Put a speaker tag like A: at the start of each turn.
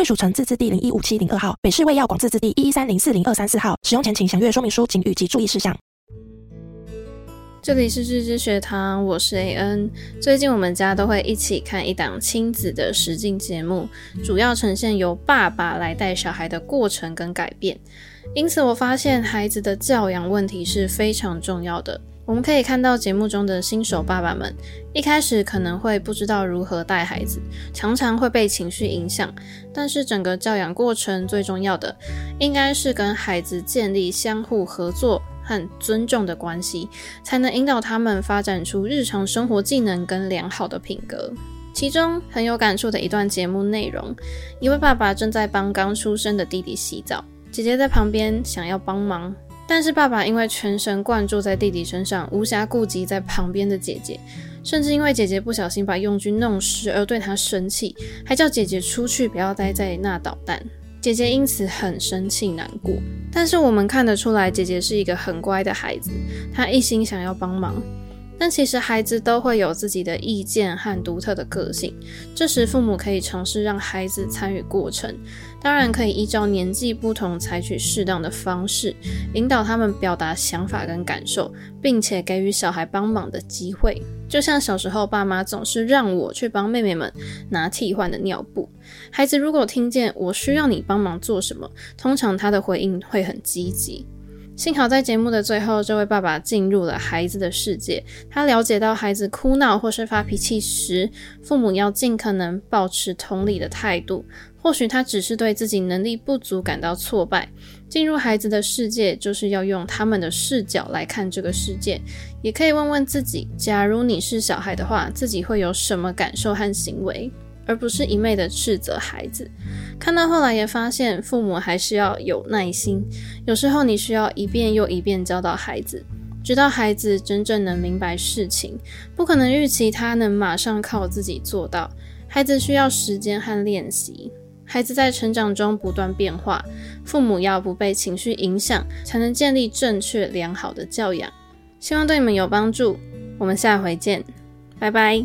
A: 貴屬城自治第零一五七零二號，北市衛藥廣自治第一一三零四零二三四號。使用前請詳閱說明書警語及注意事項。
B: 這裡是智智學堂，我是 AN。N，最近我們家都會一起看一檔親子的實境節目，主要呈現由爸爸來帶小孩的過程跟改變。因此，我發現孩子的教養問題是非常重要的。我們可以看到節目中的新手爸爸們，一開始可能會不知道如何帶孩子，常常會被情緒影響。但是整個教養過程最重要的，應該是跟孩子建立相互合作和尊重的關係，才能引導他們發展出日常生活技能跟良好的品格。其中很有感觸的一段節目內容，一位爸爸正在幫剛出生的弟弟洗澡，姐姐在旁邊想要幫忙。但是爸爸因為全神貫注在弟弟身上，無暇顧及在旁邊的姐姐，甚至因為姐姐不小心把用具弄濕而對她生氣，還叫姐姐出去不要待在那搗蛋。姐姐因此很生氣難過。但是我們看得出來，姐姐是一個很乖的孩子，她一心想要幫忙。但其實孩子都會有自己的意見和獨特的個性，這時父母可以嘗試讓孩子參與過程。當然，可以依照年紀不同採取適當的方式，引導他們表達想法跟感受，並且給予小孩幫忙的機會。就像小時候爸媽總是讓我去幫妹妹們拿替換的尿布，孩子如果聽見我需要你幫忙做什麼，通常他的回應會很積極。幸好在節目的最後，這位爸爸進入了孩子的世界。他了解到，孩子哭鬧或是發脾氣時，父母要盡可能保持同理的態度。或許他只是對自己能力不足感到挫敗。進入孩子的世界，就是要用他們的視角來看這個世界。也可以問問自己，假如你是小孩的話，自己會有什麼感受和行為？而不是一味的斥責孩子。看到後來也發現，父母還是要有耐心。有時候你需要一遍又一遍教導孩子，直到孩子真正能明白事情。不可能預期他能馬上靠自己做到。孩子需要時間和練習。孩子在成長中不斷變化，父母要不被情緒影響，才能建立正確良好的教養。希望對你們有幫助。我們下回見，拜拜。